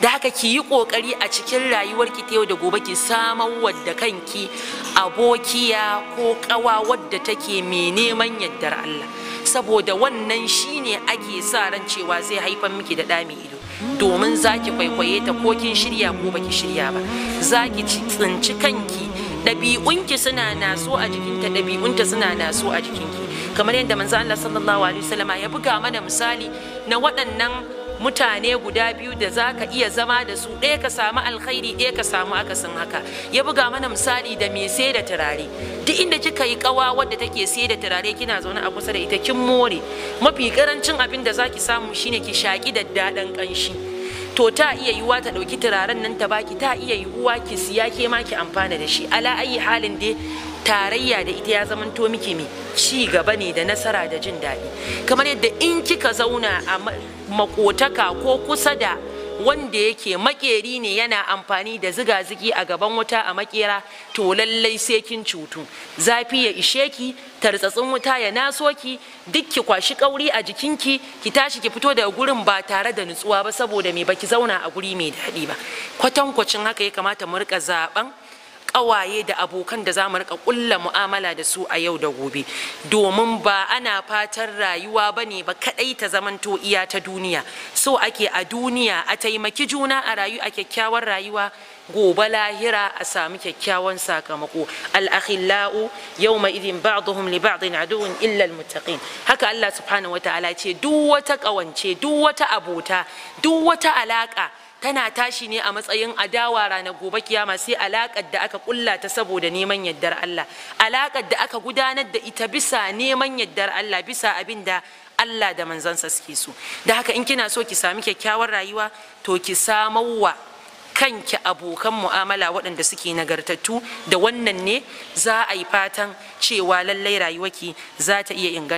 da haka ki yi kokari a cikin rayuwar ki ta yau da gobe ki samar wadda kanki abokiya ko kawa wadda take mai neman yaddar Allah saboda wannan shine ake sa ran cewa zai haifar miki da da ido domin zaki ki kwaikwaye ta ko kin shirya ko baki shirya ba zaki ki tsinci kanki ɗabi'unki suna naso a jikinta ɗabi'unta suna naso a jikinki kamar yadda manzo Allah sallallahu alaihi wasallama ya buga mana misali na waɗannan mutane guda biyu da za ka iya zama da su ɗaya ka samu alkhairi ɗaya ka samu akasin haka ya buga mana misali da mai sai da turare duk inda kika yi kawa wadda take sai da turare kina zaune a kusa da ita kin more mafi karancin abin da zaki samu shine ki shaki dadan ƙanshi to ta iya yiwuwa ta ɗauki turaren nan ta baki ta iya yiwuwa ki siya ke ma ki amfana da shi ala ayi halin dai tarayya da ita ya zamanto miki mai ci gaba ne da nasara da jin daɗi kamar yadda in kika zauna a makotaka ko kusa da wanda yake makeri ne yana amfani da ziga-zigi a gaban wuta a makera to lallai sai kin cutu zafi ya ishe ki tartsatsin wuta ya naso ki duk ki kwashi kauri a jikin ki ki tashi ki fito daga gurin ba tare da nutsuwa ba saboda me baki zauna a guri mai daɗi ba kwatankwacin haka ya kamata mu rika zaben ƙawaye da abokan da za mu rika ƙulla mu'amala da su a yau da gobe domin ba ana fatan rayuwa ba ne ba kaɗai ta zamanto iya ta duniya so ake a duniya a taimaki juna a rayu a kyakkyawar rayuwa gobe lahira a sami kyakkyawan sakamako al-akhillau yawma idin ba'dhum li ba'din aduwwun illa al haka Allah subhanahu wataala ce duk wata kawance duk wata abota duk wata alaka Tana tashi ne a matsayin adawa rana gobe kiyama sai alakar da aka kulla ta saboda neman yaddar Allah alakar da aka gudanar da ita bisa neman yaddar Allah bisa abin da Allah da manzansa suke so da haka in kina so ki sami kyakkyawar rayuwa to ki wa kanki abokan mu'amala waɗanda suke nagartattu da wannan ne za a yi fatan cewa lallai rayuwarki za ta iya inganta